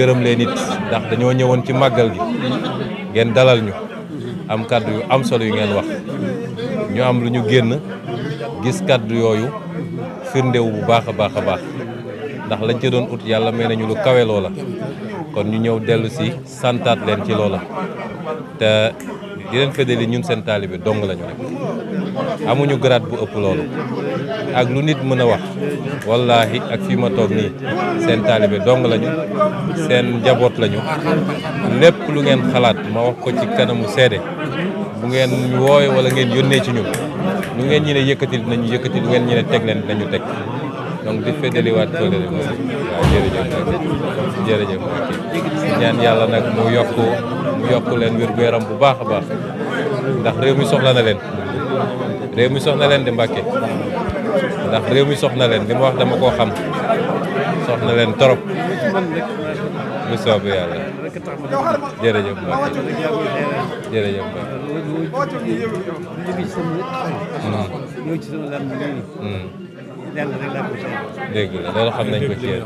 gërëm leen it ndax dañoo ñëwoon ci màggal gi ngeen dalal ñu am kàddu yu am solo yu ngeen wax ñu am lu ñu génn gis kàddu yooyu firndewu bu baax a baax a baax ndax lañ ca doon ut yàlla may nañu lu kaweloo la kon ñu ñëw dellu si santaat leen ci loola te di leen fëddali ñun seen taalibe dong lañu rek amuñu grade bu ëpp loolu ak lu nit mën a wax wallaahi ak fii ma toog nii seen taalibe dong lañu seen njaboot lañu lépp lu ngeen xalaat ma wax ko ci kanamu seede bu ngeen ñu wooye wala ngeen yónnee ci ñu lu ngeen ñi ne yëkkati dinañu yëkkati lu ngeen ñi ne teg leen dinañu teg donc di feddaliwaat kóllëre moom waaw jërëjëf nag jërëjëf Mbacke ñaan yàlla nag mu yokk mu yokk leen wér gu yaram bu baax a baax ndax réew mi soxla na leen réew mi soxna leen di Mbacke ndax réew mi soxna leen li mu wax dama koo xam soxna leen torop bu soobee yàlla jërëjëf dégg la loolu xam nañ ko ci yéen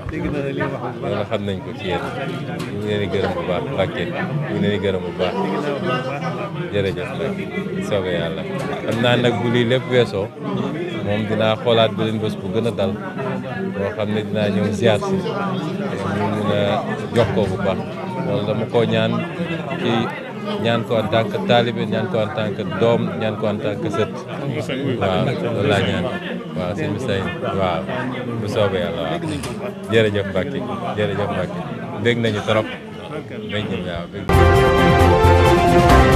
loolu xam nañ ko ci yéen ñu ngi leen di gërëm bu baax Mbàkke ñu xam naa nag bu lii lépp weesoo moom dinaa xoolaat beneen bés bu gën a dal boo xam ne dinaa ñëw ziar si ñu mun ko bu baax loolu dama koo ñaan ci ñaan ko en tant que taalibe ñaan ko en tant que doom ñaan ko en tant que sët waaw loolu ñaan waaw sëñ waaw bu soobee yàlla waaw jërëjëf Mbacke jërëjëf Mbacke dégg nañu trop dégg nañu waaw